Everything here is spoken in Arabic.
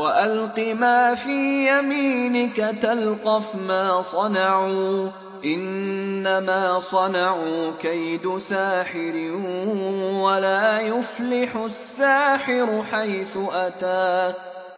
وألق ما في يمينك تلقف ما صنعوا إنما صنعوا كيد ساحر ولا يفلح الساحر حيث أتى